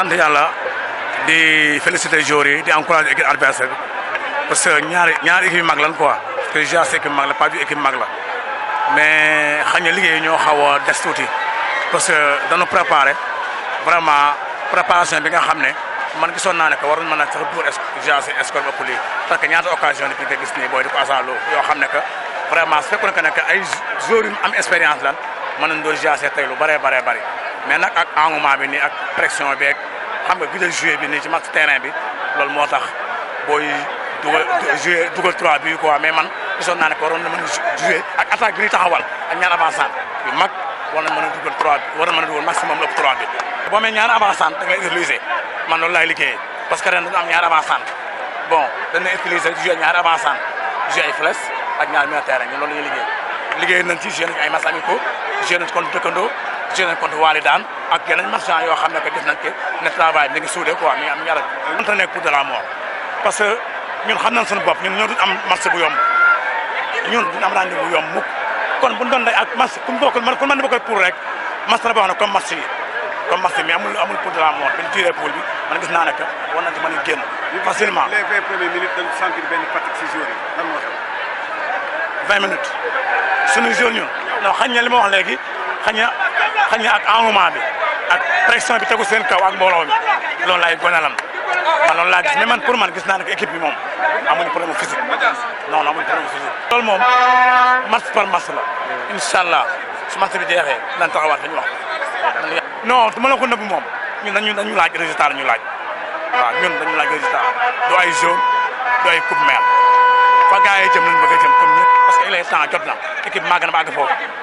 sant yàlla di féliciter joueurs yi di encourager équipe adversaire bi parce que ñaari ñaari équipe mag lan quoi parce que GAC équipe mag la pas du équipe mag la mais xañ liggéey ñoo xaw a des tuuti parce que dañu préparer vraiment préparation bi nga xam ne man gisoon naa ne que waroon mën a sax dugal GAC escole ëpp lii parce que ñaata occasion la ñu gis booy di ko asaaloo yoo xam ne que vraiment su fekkoon que ne que ay joueurs yu am expérience lan mën nañu doon GAC tey lu bëree xam nga gisal bi nii ci max terrain bi loolu moo tax booy dugal joué dugal trois bi quoi mais man gisoon naa ne ko waroon na mën a joué ak attaque taxawal ak ñaar avancement yu mag war na mën a dugal trois bi war na mën a dugal maximum ëpp trois bi boo amee ñaar avancement da ngay utiliser man loolu laay liggéeyee parce que ren dañu am ñaar avancement bon dañu utiliser a ñaar avancement joué ay flèche ak ñaar milieu terrain ñun loolu la ñuy liggéey liggéey nañ ci joué nañu ay match amicaux joué nañ contre dëkkandoo jeune contre Walidane ak yeneen marchands yoo xam ne que gis nañ que ne travail bi da ngi suude quoi mi ngi am yàlla. mënta nekk pour de la parce que ñun xam nañ suñu bopp ñun ñoo duñ am marché bu yomb ñun duñ am rendez-vous bu yomb mukk kon bu ñu doon ak marché ku mu bokkul man ku man dama koy pour rek amul amul pour de bi ñu tiré bi man ne que war nañ ci mën a génn. facilement les vingt premières jour ñun non xañ li ma wax léegi xañ xañ na ak engouement bi ak pression bi tegu seen kaw ak mbooloo mi loolu laay gonalam man loolu laa gis mais man pour man gis naa ne équipe bi moom amuñu problème physique non non amuñu problème physique. loolu moom match par match la incha allah su match bi jeexee dinañ taxawaat dañu wax non du ma la ko nëbb moom ñun dañu dañu laaj résultat la ñu laaj waaw ñun dañu laaj résultat du ay jaune du ay coupe mère fa gars yi jëm nañu bëgg a jëm comme ñëpp parce que il est temps jot na équipe maa gën a ba